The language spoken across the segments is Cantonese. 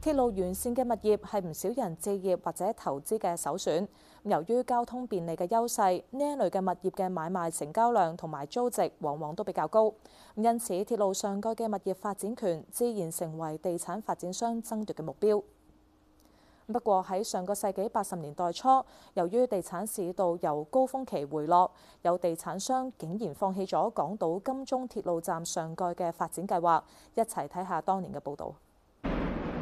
鐵路沿線嘅物業係唔少人置業或者投資嘅首選。由於交通便利嘅優勢，呢一類嘅物業嘅買賣成交量同埋租值往往都比較高。因此，鐵路上蓋嘅物業發展權自然成為地產發展商爭奪嘅目標。不過喺上個世紀八十年代初，由於地產市道由高峰期回落，有地產商竟然放棄咗港島金鐘鐵路站上蓋嘅發展計劃。一齊睇下當年嘅報道。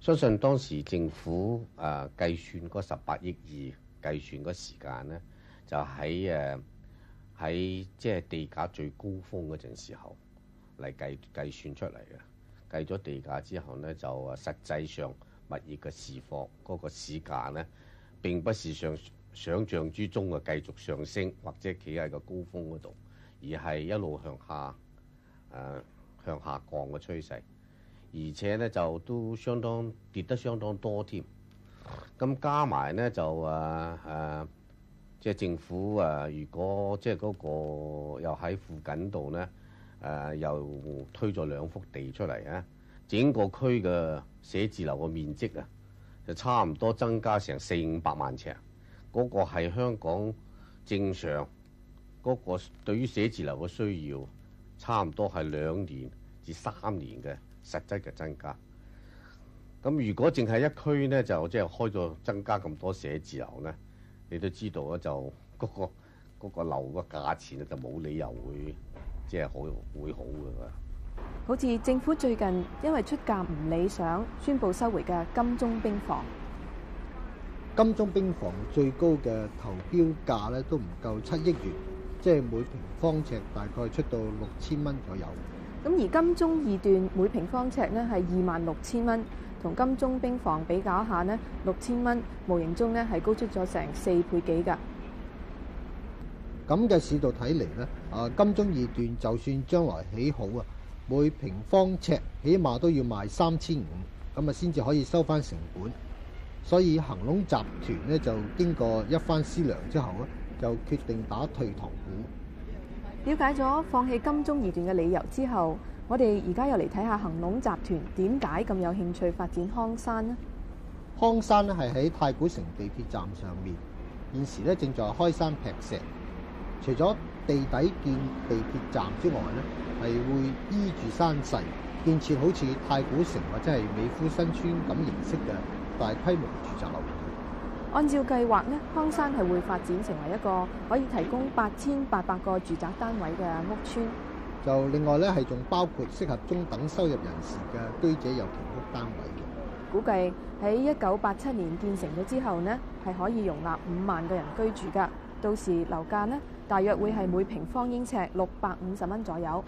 相信當時政府啊計算嗰十八億二計算嗰時間咧，就喺誒喺即係地價最高峰嗰陣時候嚟計計算出嚟嘅。計咗地價之後咧，就實際上物業嘅市況嗰個市價咧，並不是上想像之中嘅繼續上升或者企喺個高峰嗰度，而係一路向下誒向下降嘅趨勢。而且咧就都相當跌得相當多添，咁加埋咧就誒誒即係政府誒、啊，如果即係嗰個又喺附近度咧，誒、啊、又推咗兩幅地出嚟啊！整個區嘅寫字樓嘅面積啊，就差唔多增加成四五百萬尺，嗰、那個係香港正常嗰、那個對於寫字樓嘅需要，差唔多係兩年。三年嘅實質嘅增加，咁如果淨係一區咧，就即係開咗增加咁多寫字樓咧，你都知道咧，就嗰個嗰個樓個價錢咧就冇理由會即係好會好嘅。好似政府最近因為出價唔理想，宣布收回嘅金鐘兵房。金鐘兵房最高嘅投標價咧都唔夠七億元，即係每平方尺大概出到六千蚊左右。咁而金鐘二段每平方尺咧係二萬六千蚊，同金鐘兵房比較下咧，六千蚊，無形中咧係高出咗成四倍幾㗎。咁嘅市道睇嚟咧，啊金鐘二段就算將來起好啊，每平方尺起碼都要賣三千五，咁啊先至可以收翻成本。所以恒隆集團咧就經過一番思量之後咧，就決定打退堂鼓。了解咗放棄金鐘二段嘅理由之後，我哋而家又嚟睇下恒隆集團點解咁有興趣發展康山呢？康山咧係喺太古城地鐵站上面，現時咧正在開山劈石。除咗地底建地鐵站之外咧，係會依住山勢建設好似太古城或者係美孚新村咁形式嘅大規模住宅樓。按照計劃呢，康山係會發展成為一個可以提供八千八百個住宅單位嘅屋村。就另外咧，係仲包括適合中等收入人士嘅居者有其屋單位嘅。估計喺一九八七年建成咗之後呢，係可以容納五萬個人居住㗎。到時樓價呢，大約會係每平方英尺六百五十蚊左右。